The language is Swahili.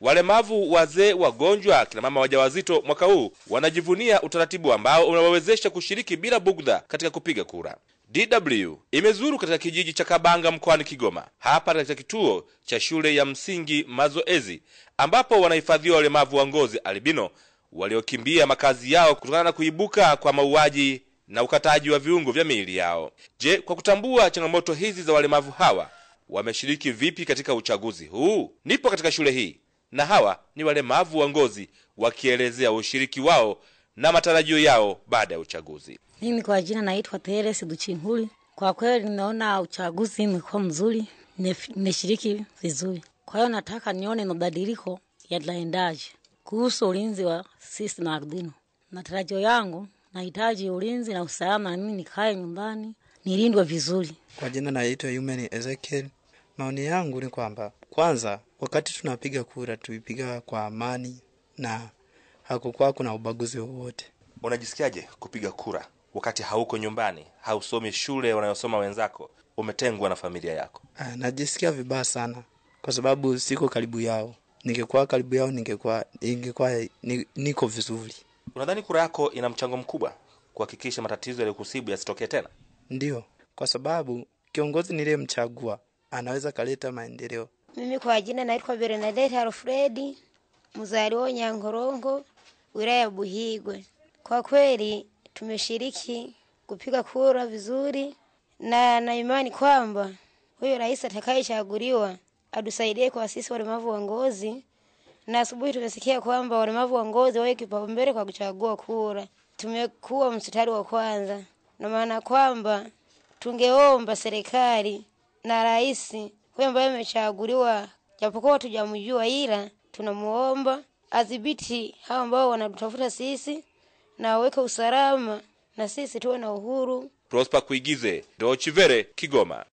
Walemavu, wazee, wagonjwa, kina mama wajawazito mwaka huu wanajivunia utaratibu ambao unawawezesha kushiriki bila bugdha katika kupiga kura. DW imezuru katika kijiji cha Kabanga mkoani Kigoma, hapa katika kituo cha shule ya msingi Mazoezi, ambapo wanahifadhiwa walemavu wa ngozi albino waliokimbia makazi yao kutokana na kuibuka kwa mauaji na ukataji wa viungo vya miili yao. Je, kwa kutambua changamoto hizi za walemavu hawa wameshiriki vipi katika uchaguzi huu? Nipo katika shule hii na hawa ni walemavu wa ngozi, wakielezea ushiriki wao na matarajio yao baada ya uchaguzi. Mimi kwa jina naitwa Teresi Duchinguli. Kwa kweli nimeona uchaguzi umekuwa mzuri, nimeshiriki vizuri. Kwa hiyo nataka nione mabadiliko yataendaje kuhusu ulinzi wa sisi na ardhini. Matarajio yangu nahitaji ulinzi na usalama, mimi nikae nyumbani nilindwe vizuri. Kwa jina naitwa Ezekiel. Maoni yangu ni kwamba kwanza, wakati tunapiga kura tuipiga kwa amani na hakukuwa kuna ubaguzi wowote. Unajisikiaje kupiga kura wakati hauko nyumbani, hausomi shule wanayosoma wenzako, umetengwa na familia yako? Ah, najisikia vibaya sana kwa sababu siko karibu yao. Ningekuwa karibu yao ningekuwa ingekuwa niko vizuri. Unadhani kura yako ina mchango mkubwa kuhakikisha matatizo yaliyokusibu yasitokee tena? Ndiyo, kwa sababu kiongozi niliyemchagua anaweza kaleta maendeleo. Mimi kwa jina naitwa Bernadette Alfredi, mzaliwa Nyangorongo, wilaya ya Buhigwe. Kwa kweli tumeshiriki kupiga kura vizuri, na na imani kwamba huyo rais atakayechaguliwa atusaidie kwa sisi walemavu wa ngozi, na asubuhi tumesikia kwamba walemavu wa ngozi wawe kipaumbele kwa kuchagua kura. Tumekuwa mstari wa kwanza, na maana kwamba tungeomba serikali na rais huyo ambaye amechaguliwa, japokuwa hatujamjua, ila tunamuomba adhibiti hao ambao wanatafuta sisi na aweke usalama na sisi tuwe na uhuru. Prosper Kuigize, Deutsche Kigoma.